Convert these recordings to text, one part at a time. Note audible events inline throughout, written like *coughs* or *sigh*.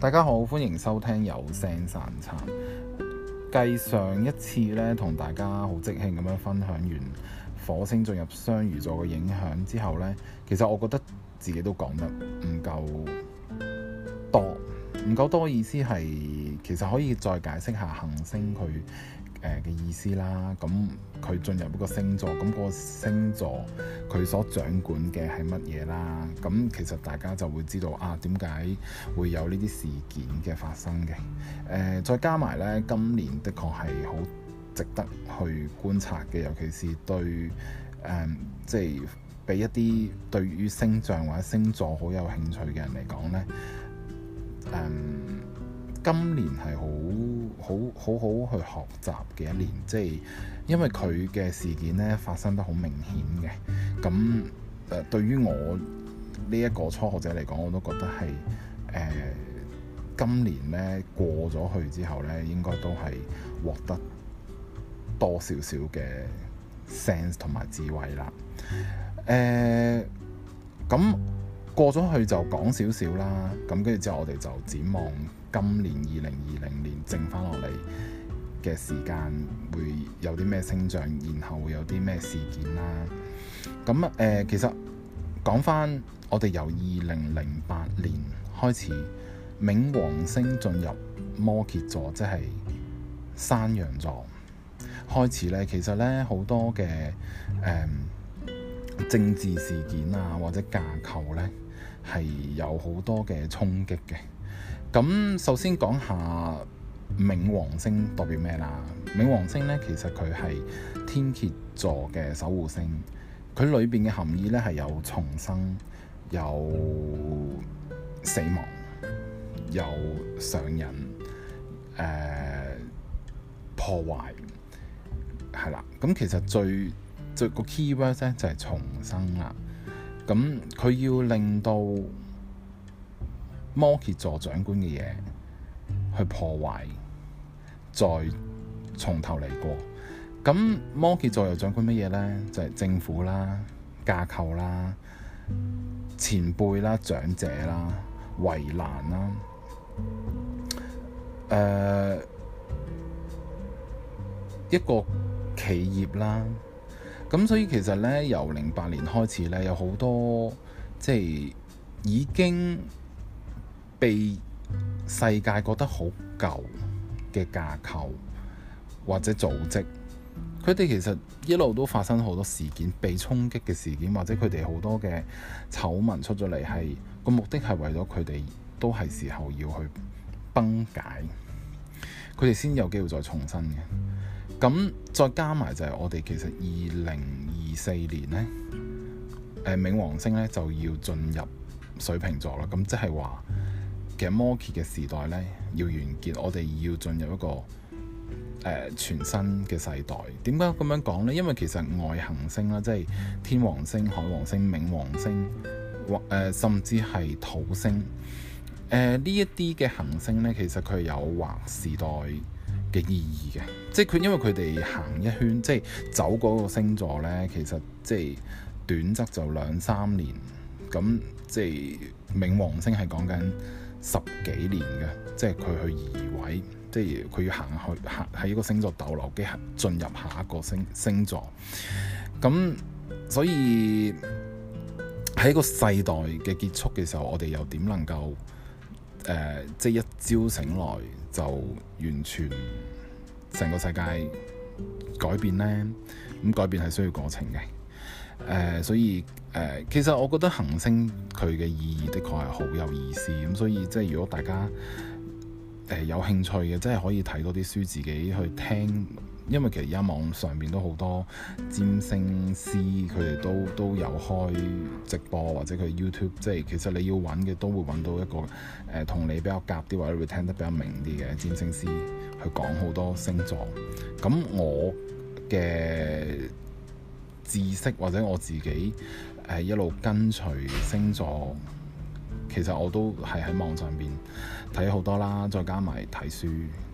大家好，歡迎收聽有聲散餐。繼上一次咧，同大家好即興咁樣分享完火星進入雙魚座嘅影響之後呢，其實我覺得自己都講得唔夠多，唔夠多意思係，其實可以再解釋下行星佢。誒嘅意思啦，咁佢進入一個星座，咁嗰個星座佢所掌管嘅係乜嘢啦？咁其實大家就會知道啊，點解會有呢啲事件嘅發生嘅？誒、呃，再加埋呢，今年的確係好值得去觀察嘅，尤其是對誒，即係俾一啲對於星象或者星座好有興趣嘅人嚟講呢。誒、嗯。今年係好好好好去學習嘅一年，即係因為佢嘅事件咧發生得好明顯嘅。咁誒，對於我呢一個初學者嚟講，我都覺得係誒、呃、今年咧過咗去之後咧，應該都係獲得多少少嘅 sense 同埋智慧啦。誒、呃、咁過咗去就講少少啦。咁跟住之後，我哋就展望今年二零二零年剩翻落嚟嘅時間會有啲咩星象，然後會有啲咩事件啦。咁誒、呃，其實講翻我哋由二零零八年開始，冥王星進入摩羯座，即係山羊座開始咧。其實咧，好多嘅誒、呃、政治事件啊，或者架構咧，係有好多嘅衝擊嘅。咁首先講下冥王星代表咩啦？冥王星咧，其實佢係天蠍座嘅守護星，佢裏邊嘅含義咧係有重生、有死亡、有上癮、誒、呃、破壞，係啦。咁其實最最、嗰個 key word 咧就係、是、重生啦。咁佢要令到。摩羯座掌管嘅嘢去破壞，再從頭嚟過。咁摩羯座又掌管乜嘢呢？就係政府啦、架構啦、前輩啦、長者啦、圍欄啦。誒、呃，一個企業啦。咁所以其實呢，由零八年開始呢，有好多即係已經。被世界覺得好舊嘅架構或者組織，佢哋其實一路都發生好多事件，被衝擊嘅事件，或者佢哋好多嘅醜聞出咗嚟，係個目的係為咗佢哋都係時候要去崩解，佢哋先有機會再重生嘅。咁再加埋就係我哋其實二零二四年呢，誒、呃，冥王星呢就要進入水瓶座啦。咁即係話。嘅摩羯嘅時代咧，要完結，我哋要進入一個誒、呃、全新嘅世代。點解咁樣講呢？因為其實外行星啦，即係天王星、海王星、冥王星，或誒、呃、甚至係土星，誒呢一啲嘅行星呢，其實佢有劃時代嘅意義嘅。即係佢因為佢哋行一圈，即係走嗰個星座呢，其實即係短則就兩三年咁。即係冥王星係講緊。十幾年嘅，即係佢去移位，即係佢要行去行喺呢個星座逗留，跟進入下一個星星座。咁所以喺個世代嘅結束嘅時候，我哋又點能夠，呃，即係一朝醒來就完全成個世界改變呢？咁改變係需要過程嘅。誒，uh, 所以誒，uh, 其實我覺得行星佢嘅意義的確係好有意思咁，所以即係如果大家誒、uh, 有興趣嘅，即係可以睇多啲書，自己去聽，因為其實而家網上面都好多占星師，佢哋都都有開直播或者佢 YouTube，即係其實你要揾嘅都會揾到一個誒同、uh, 你比較夾啲或者會聽得比較明啲嘅占星師去講好多星座。咁我嘅知識或者我自己誒、呃、一路跟隨星座，其實我都係喺網上邊睇好多啦，再加埋睇書，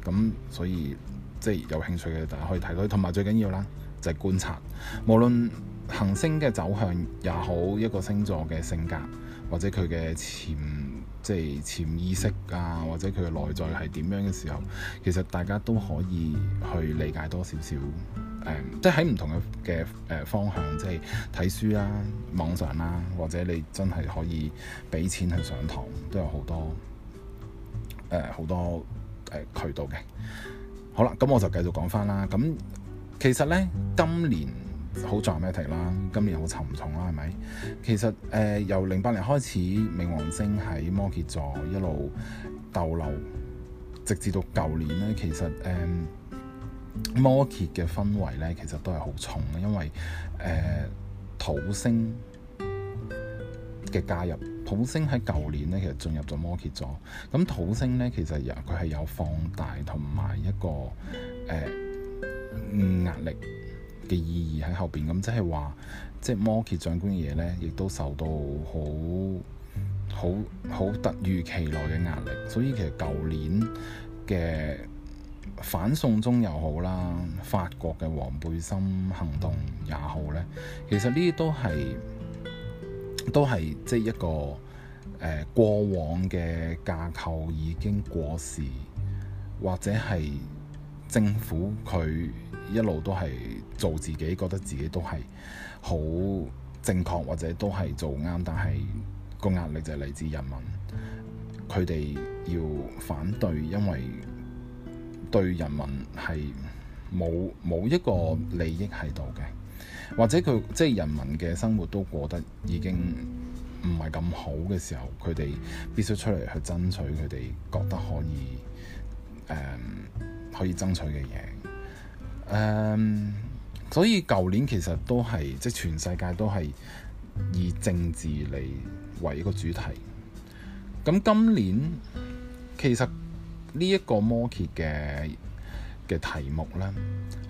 咁所以即係有興趣嘅大家可以睇到，同埋最緊要啦，就係觀察，無論行星嘅走向也好，一個星座嘅性格或者佢嘅潛即係潛意識啊，或者佢嘅內在係點樣嘅時候，其實大家都可以去理解多少少。誒、嗯，即係喺唔同嘅嘅誒方向，即係睇書啊、網上啦、啊，或者你真係可以俾錢去上堂，都有好多誒好、呃、多誒、呃、渠道嘅。好啦，咁我就繼續講返啦。咁其實呢，今年好撞咩題啦？今年好沉重啦，係咪？其實誒、呃，由零八年開始，冥王星喺摩羯座一路逗留，直至到舊年呢，其實誒。呃摩羯嘅氛圍咧，其實都係好重嘅，因為誒、呃、土星嘅加入，土星喺舊年咧，其實進入咗摩羯座，咁土星咧其實有佢係有放大同埋一個誒壓、呃、力嘅意義喺後邊，咁即係話即係摩羯長官嘅嘢咧，亦都受到好好好突如其來嘅壓力，所以其實舊年嘅。反送中又好啦，法國嘅黃背心行動也好咧，其實呢啲都係都係即係一個誒、呃、過往嘅架構已經過時，或者係政府佢一路都係做自己，覺得自己都係好正確或者都係做啱，但係個壓力就嚟自人民，佢哋要反對，因為。對人民係冇冇一個利益喺度嘅，或者佢即係人民嘅生活都過得已經唔係咁好嘅時候，佢哋必須出嚟去爭取佢哋覺得可以誒、呃、可以爭取嘅嘢。誒、呃，所以舊年其實都係即係全世界都係以政治嚟為一個主題。咁今年其實。呢一個摩羯嘅嘅題目呢，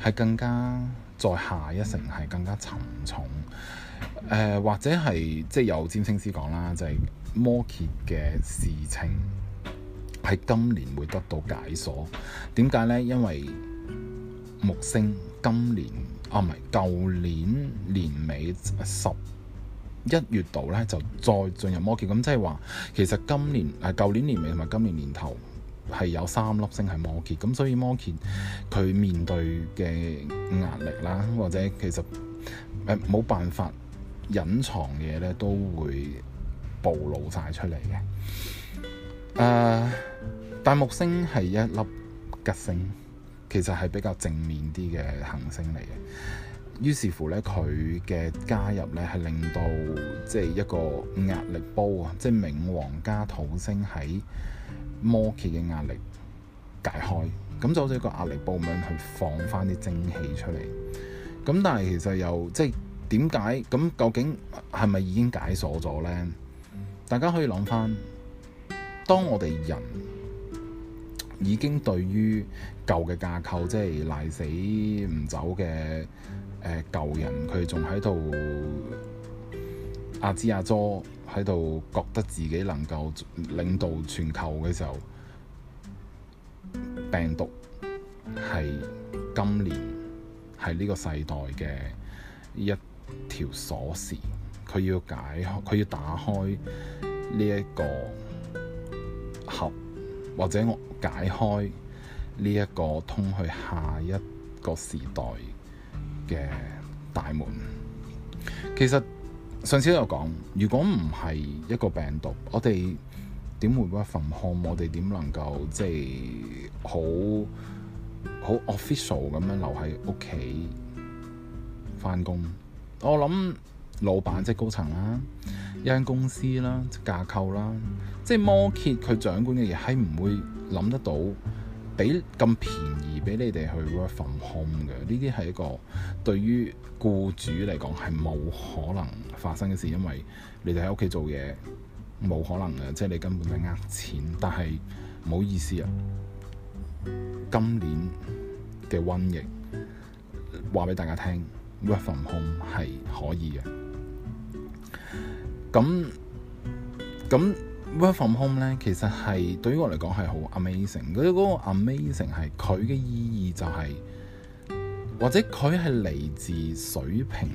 係更加再下一層，係更加沉重。誒、呃，或者係即係有占星師講啦，就係、是、摩羯嘅事情喺今年會得到解鎖。點解呢？因為木星今年啊，唔係舊年年尾十一月度呢，就再進入摩羯。咁即係話，其實今年啊，呃、舊年年尾同埋今年年頭。係有三粒星係摩羯，咁所以摩羯佢面對嘅壓力啦，或者其實誒冇、呃、辦法隱藏嘢咧，都會暴露晒出嚟嘅。誒、呃、大木星係一粒吉星，其實係比較正面啲嘅行星嚟嘅。於是乎咧，佢嘅加入咧係令到即係、就是、一個壓力煲啊！即、就、係、是、冥王加土星喺。摩羯嘅壓力解開，咁就好似個壓力部門去放翻啲蒸汽出嚟。咁但係其實又即係點解？咁、就是、究竟係咪已經解鎖咗咧？大家可以諗翻，當我哋人已經對於舊嘅架構即係賴死唔走嘅誒、呃、舊人，佢仲喺度壓支壓助。喺度覺得自己能夠領導全球嘅時候，病毒係今年係呢個世代嘅一條鎖匙，佢要解佢要打開呢一個盒，或者我解開呢一個通去下一個時代嘅大門。其實，上次都有講，如果唔係一個病毒，我哋點會 work from home？我哋點能夠即係好好 official 咁樣留喺屋企翻工？我諗老闆即係高層啦，一間公司啦即架構啦，即係摩羯佢掌管嘅嘢，係唔會諗得到俾咁便宜。俾你哋去 work from home 嘅，呢啲係一個對於僱主嚟講係冇可能發生嘅事，因為你哋喺屋企做嘢冇可能嘅，即係你根本係呃錢。但係唔好意思啊，今年嘅瘟疫，話俾大家聽 work from home 係可以嘅。咁咁。《Work From Home》咧，其實係對於我嚟講係好 amazing。佢嗰個 amazing 係佢嘅意義就係、是，或者佢係嚟自水瓶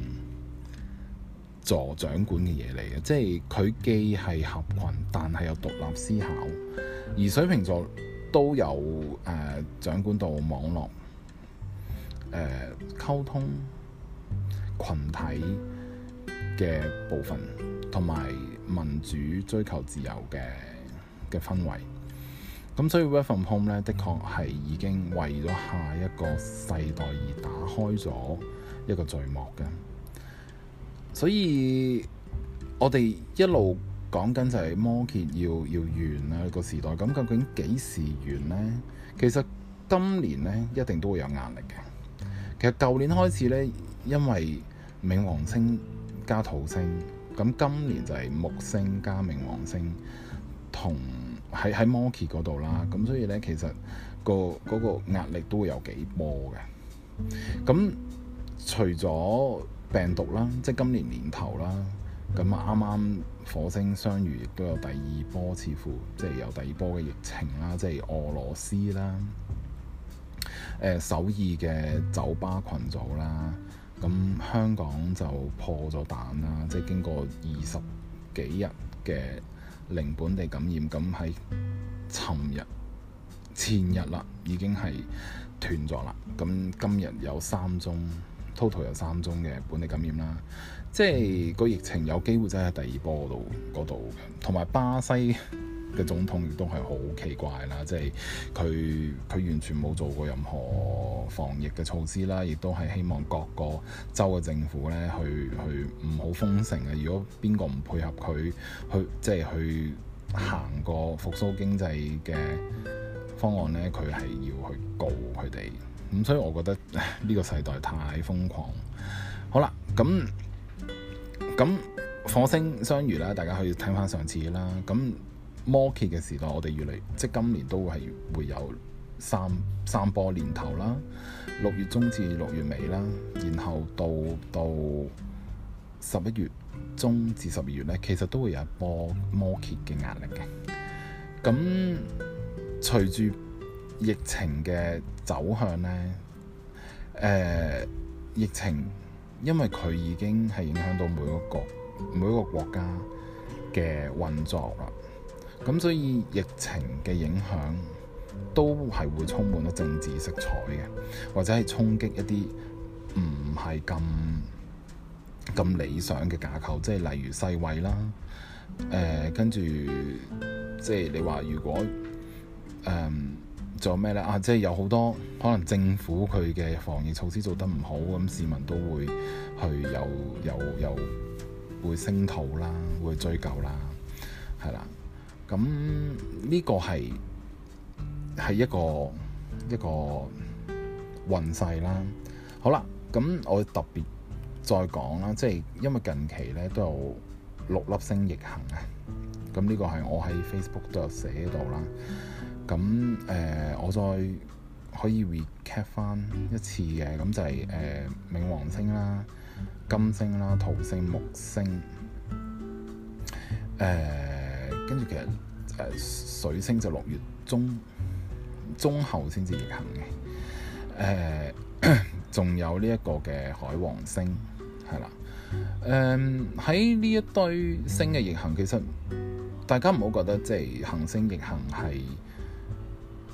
座掌管嘅嘢嚟嘅，即係佢既係合群，但係又獨立思考。而水瓶座都有誒、呃、掌管到網絡、誒、呃、溝通、群體。嘅部分，同埋民主追求自由嘅嘅氛圍，咁所以 Work from Home 咧，的確係已經為咗下一個世代而打開咗一個序幕嘅。所以我哋一路講緊就係摩羯要要完啦個時代，咁究竟幾時完咧？其實今年咧一定都會有壓力嘅。其實舊年開始咧，因為冥王星。加土星，咁今年就係木星加冥王星，同喺喺摩羯嗰度啦。咁所以呢，其實個嗰個壓力都會有幾波嘅。咁除咗病毒啦，即係今年年頭啦，咁啱啱火星相遇，亦都有第二波，似乎即係有第二波嘅疫情啦，即係俄羅斯啦、呃，首爾嘅酒吧群組啦。咁香港就破咗蛋啦，即係經過二十幾日嘅零本地感染，咁喺尋日前日啦，已經係斷咗啦。咁今日有三宗，total 有三宗嘅本地感染啦，即係個疫情有機會真係第二波度嗰度，同埋巴西，嘅總統亦都係好奇怪啦，即係佢佢完全冇做過任何防疫嘅措施啦，亦都係希望各個州嘅政府呢去去唔好封城嘅。如果邊個唔配合佢去，即係去行個復甦經濟嘅方案呢，佢係要去告佢哋。咁所以，我覺得呢個世代太瘋狂。好啦，咁咁火星相遇啦，大家可以聽翻上次啦，咁。摩羯嘅時代，我哋越嚟，即今年都會係會有三三波年頭啦。六月中至六月尾啦，然後到到十一月中至十二月呢，其實都會有一波摩羯嘅壓力嘅。咁隨住疫情嘅走向呢，誒、呃、疫情因為佢已經係影響到每一個每一個國家嘅運作啦。咁所以疫情嘅影響都係會充滿咗政治色彩嘅，或者係衝擊一啲唔係咁咁理想嘅架構，即係例如世衛啦。誒、呃，跟住即係你話如果誒做咩咧啊？即係有好多可能政府佢嘅防疫措施做得唔好，咁、嗯、市民都會去有有有會聲討啦，會追究啦，係啦。咁呢個係係一個一個運勢啦。好啦，咁我特別再講啦，即、就、係、是、因為近期咧都有六粒星逆行啊。咁呢個係我喺 Facebook 都有寫到啦。咁誒、呃，我再可以 recap 翻一次嘅，咁就係、是、誒、呃、冥王星啦、金星啦、土星、木星誒。呃跟住其實誒、呃、水星就六月中中後先至逆行嘅，誒、呃、仲有呢一個嘅海王星係啦，誒喺呢一堆星嘅逆行，其實大家唔好覺得即係行星逆行係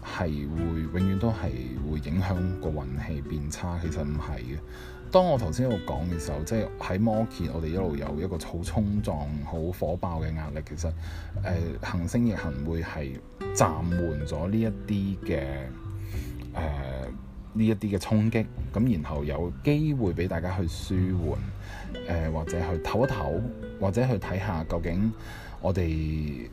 係會永遠都係會影響個運氣變差，其實唔係嘅。當我頭先喺度講嘅時候，即係喺摩羯，我哋一路有一個好衝撞、好火爆嘅壓力。其實，誒、呃、恆星行星逆行會係暫緩咗呢一啲嘅誒呢一啲嘅衝擊，咁然後有機會俾大家去舒緩，誒或者去唞一唞，或者去睇下究竟我哋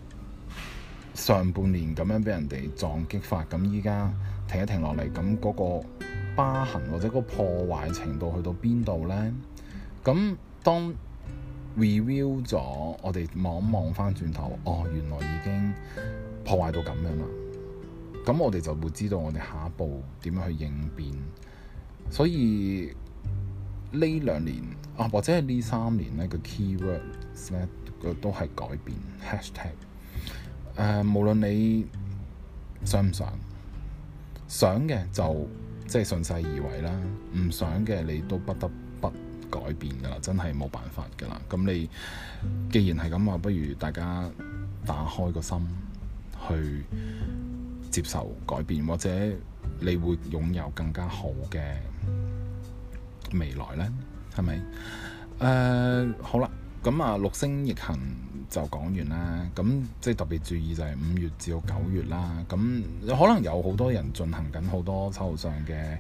上半年咁樣俾人哋撞擊法，咁依家停一停落嚟，咁嗰、那個疤痕或者個破壞程度去到邊度呢？咁當 review 咗，我哋望望翻轉頭，哦，原來已經破壞到咁樣啦。咁我哋就會知道我哋下一步點樣去應變。所以呢兩年啊，或者係呢三年呢個 keywords 咧，個都係改變 hashtag、呃。誒，無論你想唔想，想嘅就。即係順勢而為啦，唔想嘅你都不得不改變噶啦，真係冇辦法噶啦。咁你既然係咁話，不如大家打開個心去接受改變，或者你會擁有更加好嘅未來咧，係咪？誒、呃，好啦。咁啊，六星逆行就講完啦。咁即係特別注意就係五月至到九月啦。咁可能有好多人進行緊好多手上嘅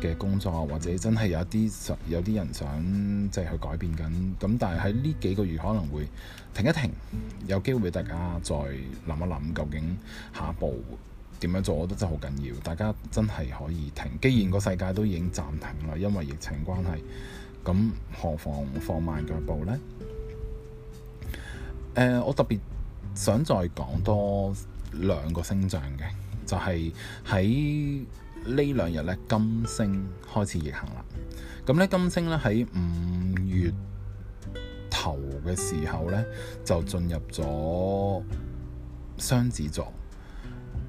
嘅工作，或者真係有啲有啲人想即係去改變緊。咁但係喺呢幾個月可能會停一停，有機會俾大家再諗一諗究竟下一步點樣做，我覺得真係好緊要。大家真係可以停，既然個世界都已經暫停啦，因為疫情關係，咁何妨放慢腳步呢？誒、呃，我特別想再講多兩個星象嘅，就係、是、喺呢兩日咧，金星開始逆行啦。咁咧，金星咧喺五月頭嘅時候咧，就進入咗雙子座。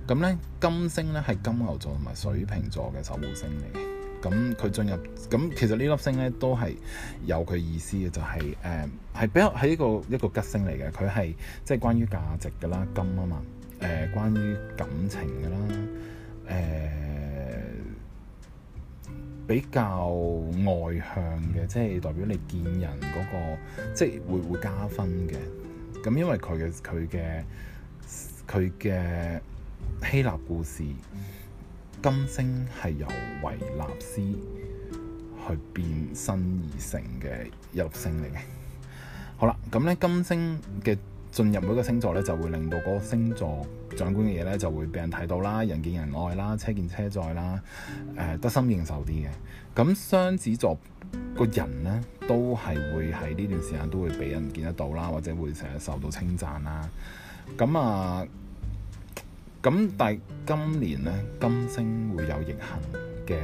咁咧，金星咧係金牛座同埋水瓶座嘅守護星嚟嘅。咁佢進入咁，其實呢粒星咧都係有佢意思嘅，就係誒係比較係一個一個吉星嚟嘅，佢係即係關於價值嘅啦，金啊嘛誒、呃，關於感情嘅啦誒、呃，比較外向嘅，即係代表你見人嗰、嗰個即係會會加分嘅。咁因為佢嘅佢嘅佢嘅希臘故事。金星係由維納斯去變身而成嘅一粒星嚟嘅。 *laughs* 好啦，咁咧金星嘅進入每個星座咧，就會令到嗰個星座掌管嘅嘢咧就會俾人睇到啦，人見人愛啦，車見車載啦、呃，得心應手啲嘅。咁雙子座個人咧都係會喺呢段時間都會俾人見得到啦，或者會成日受到稱讚啦。咁啊～咁但係今年咧，金星會有逆行嘅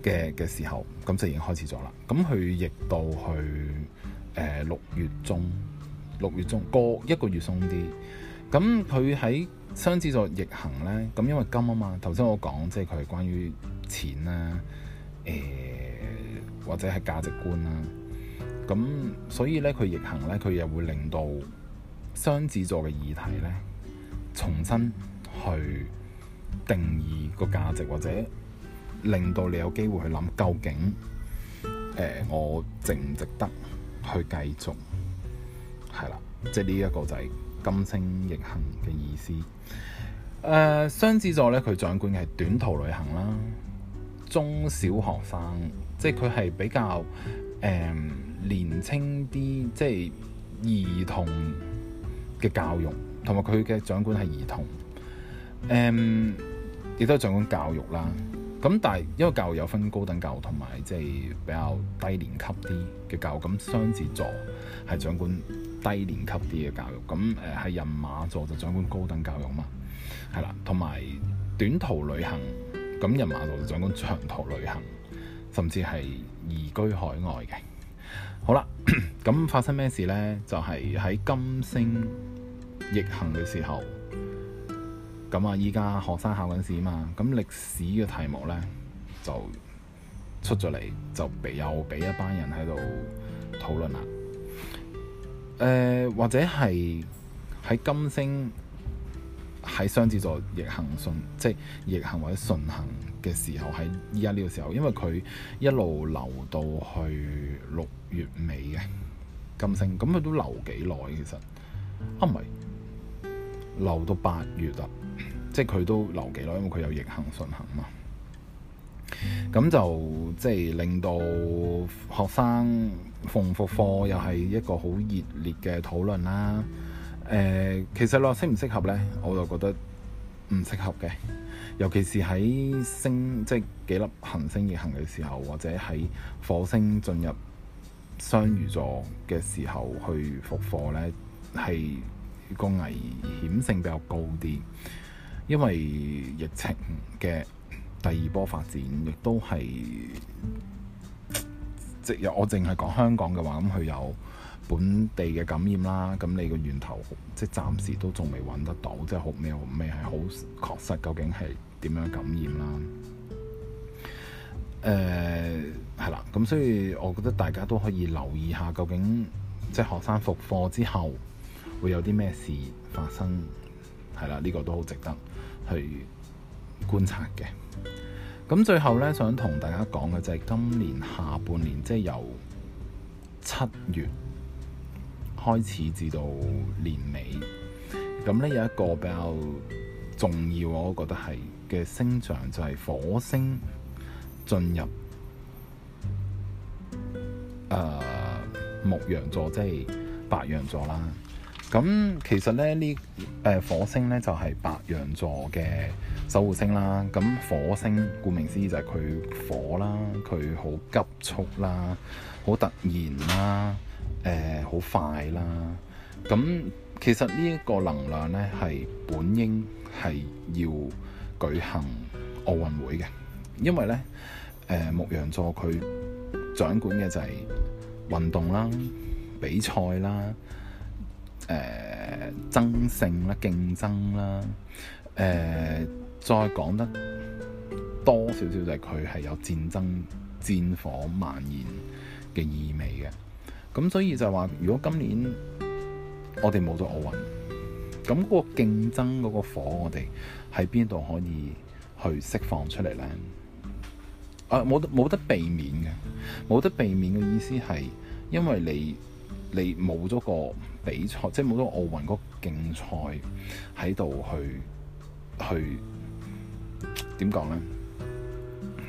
嘅嘅時候，咁就已經開始咗啦。咁佢逆到去誒六月中，六月中一個一個月鬆啲。咁佢喺雙子座逆行咧，咁因為金啊嘛，頭先我講即係佢係關於錢啦，誒、呃、或者係價值觀啦。咁所以咧，佢逆行咧，佢又會令到雙子座嘅議題咧。重新去定義個價值，或者令到你有機會去諗究竟，呃、我值唔值得去繼續？係啦，即係呢一個就係金星逆行嘅意思。誒雙子座呢，佢掌管嘅係短途旅行啦、中小學生，即係佢係比較誒、呃、年輕啲，即係兒童嘅教育。同埋佢嘅掌管係兒童，誒、嗯、亦都係掌管教育啦。咁但係因為教育有分高等教育同埋即係比較低年級啲嘅教育。咁雙子座係掌管低年級啲嘅教育，咁誒係人馬座就掌管高等教育嘛，係啦。同埋短途旅行，咁人馬座就掌管長途旅行，甚至係移居海外嘅。好啦，咁 *coughs* 發生咩事呢？就係、是、喺金星。逆行嘅時候，咁啊！依家學生考緊試嘛，咁歷史嘅題目呢，就出咗嚟，就俾又俾一班人喺度討論啦。誒、呃，或者係喺金星喺雙子座逆行順，即係逆行或者順行嘅時候，喺依家呢個時候，因為佢一路留到去六月尾嘅金星，咁佢都留幾耐其實啊，唔係，留到八月啦，即係佢都留幾耐，因為佢有逆行順行嘛。咁就即係令到學生逢復課又係一個好熱烈嘅討論啦。誒、呃，其實啦，適唔適合呢？我就覺得唔適合嘅，尤其是喺星即係幾粒行星逆行嘅時候，或者喺火星進入雙魚座嘅時候去復課呢，係。個危險性比較高啲，因為疫情嘅第二波發展亦都係即係我淨係講香港嘅話，咁佢有本地嘅感染啦。咁你個源頭即係暫時都仲未揾得到，即係好未未係好確實，究竟係點樣感染啦？誒係啦，咁所以我覺得大家都可以留意下，究竟即係學生復課之後。會有啲咩事發生係啦？呢個都好值得去觀察嘅。咁最後咧，想同大家講嘅就係今年下半年，即係由七月開始至到年尾，咁咧有一個比較重要，我覺得係嘅星象就係火星進入誒牧羊座，即係白羊座啦。咁其實咧，呢誒、呃、火星咧就係、是、白羊座嘅守護星啦。咁火星顧名思義就係佢火啦，佢好急促啦，好突然啦，誒、呃、好快啦。咁、嗯、其實呢一個能量咧，係本應係要舉行奧運會嘅，因為咧誒、呃、牧羊座佢掌管嘅就係運動啦、比賽啦。誒、呃，爭勝啦，競爭啦，誒、呃，再講得多少少就係佢係有戰爭、戰火蔓延嘅意味嘅，咁所以就係話，如果今年我哋冇咗奧運，咁嗰個競爭嗰個火，我哋喺邊度可以去釋放出嚟咧？啊、呃，冇得冇得避免嘅，冇得避免嘅意思係，因為你。你冇咗個比賽，即係冇咗奧運嗰競賽喺度去去點講咧？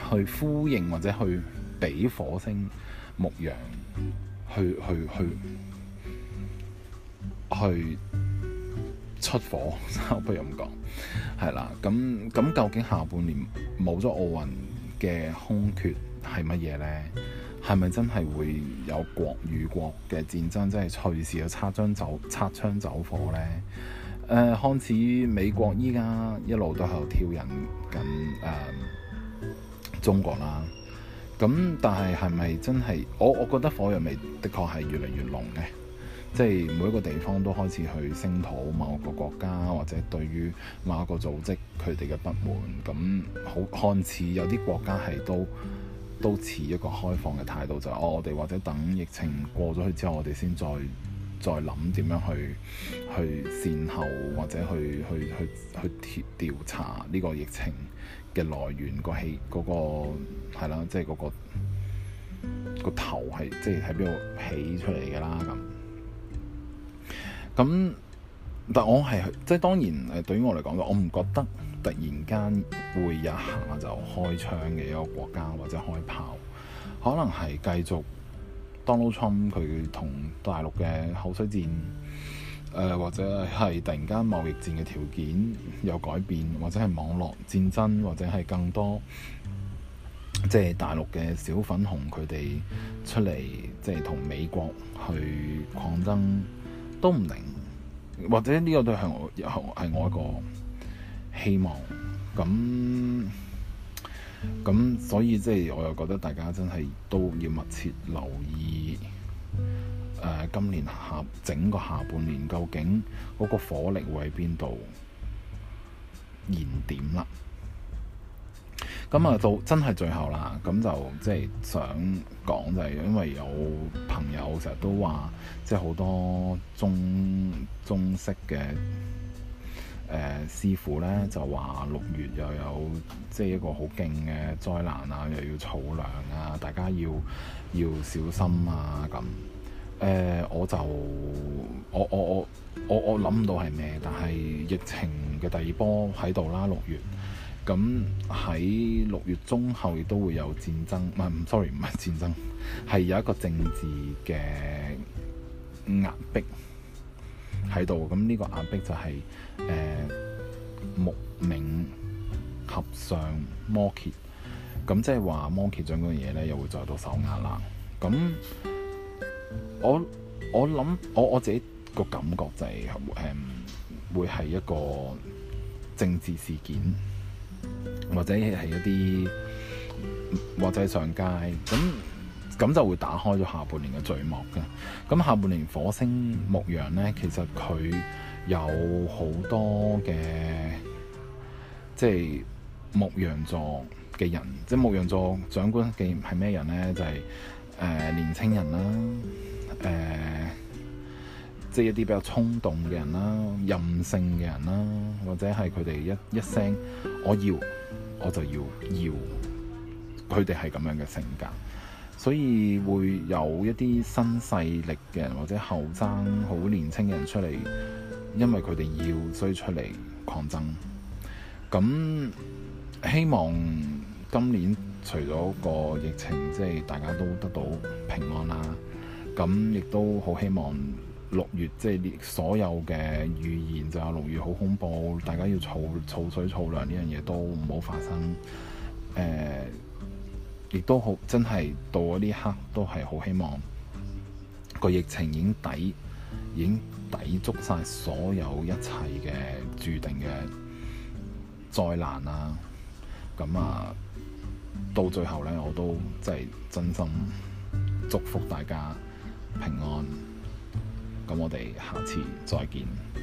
去呼應或者去俾火星牧羊去去去去，去出火， *laughs* 我不如咁講，係啦。咁咁究竟下半年冇咗奧運嘅空缺係乜嘢咧？係咪真係會有國與國嘅戰爭，真係隨時有擦槍走擦槍走火呢？誒、呃，看似美國依家一路都喺度挑釁緊誒中國啦。咁但係係咪真係我我覺得火藥味的確係越嚟越濃呢？即、就、係、是、每一個地方都開始去聲討某個國家或者對於某一個組織佢哋嘅不滿。咁好看似有啲國家係都。都似一個開放嘅態度，就係、是、哦，我哋或者等疫情過咗去之後，我哋先再再諗點樣去去善後，或者去去去去調調查呢個疫情嘅來源個起嗰、那個係啦，即係嗰個、那個頭係即係喺邊度起出嚟㗎啦咁。咁但我係，即係當然誒對於我嚟講，我唔覺得突然間會一下就開槍嘅一個國家或者開炮，可能係繼續 Donald Trump 佢同大陸嘅口水戰，誒、呃、或者係突然間貿易戰嘅條件有改變，或者係網絡戰爭或者係更多即係大陸嘅小粉紅佢哋出嚟即係同美國去抗爭都唔定。或者呢個都係我，係我一個希望。咁咁，所以即係、就是、我又覺得大家真係都要密切留意、呃、今年下整個下半年，究竟嗰個火力會喺邊度燃點啦？咁啊，到真係最後啦，咁就即係想講就係，因為有朋友成日都話，即係好多中中式嘅誒、呃、師傅呢，就話六月又有即係、就是、一個好勁嘅災難啊，又要儲糧啊，大家要要小心啊咁。誒、呃，我就我我我我我諗唔到係咩，但係疫情嘅第二波喺度啦，六月。咁喺六月中後亦都會有戰爭，唔係唔 sorry，唔係戰爭，係 *laughs* 有一個政治嘅壓迫喺度。咁呢個壓迫就係、是、誒、呃、木冥合上摩羯，咁即係話摩羯將嗰樣嘢咧，又會再到手壓啦。咁我我諗我我自己個感覺就係、是、誒會係一個政治事件。或者係一啲或者上街咁，咁就會打開咗下半年嘅序幕㗎。咁下半年火星牧羊呢，其實佢有好多嘅，即係牧羊座嘅人，即係牧羊座掌管嘅係咩人呢？就係、是呃、年青人啦、呃，即係一啲比較衝動嘅人啦，任性嘅人啦，或者係佢哋一一聲。我要我就要要，佢哋係咁樣嘅性格，所以會有一啲新勢力嘅人或者後生好年青嘅人出嚟，因為佢哋要，所以出嚟抗爭。咁希望今年除咗個疫情，即係大家都得到平安啦。咁亦都好希望。六月即係所有嘅預言，就話、是、六月好恐怖，大家要儲儲水、儲糧呢樣嘢都唔好發生。誒、呃，亦都好真係到呢一刻都係好希望、這個疫情已經抵，已經抵足晒所有一切嘅註定嘅災難啊！咁啊，到最後呢，我都真係真心祝福大家平安。咁我哋下次再見。